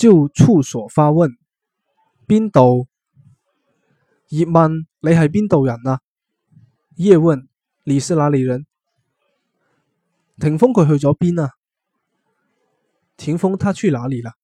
就處所發問，邊度？葉問你係邊度人啊？葉問你是哪裏人？霆鋒佢去咗邊啊？霆鋒他去哪裏啦？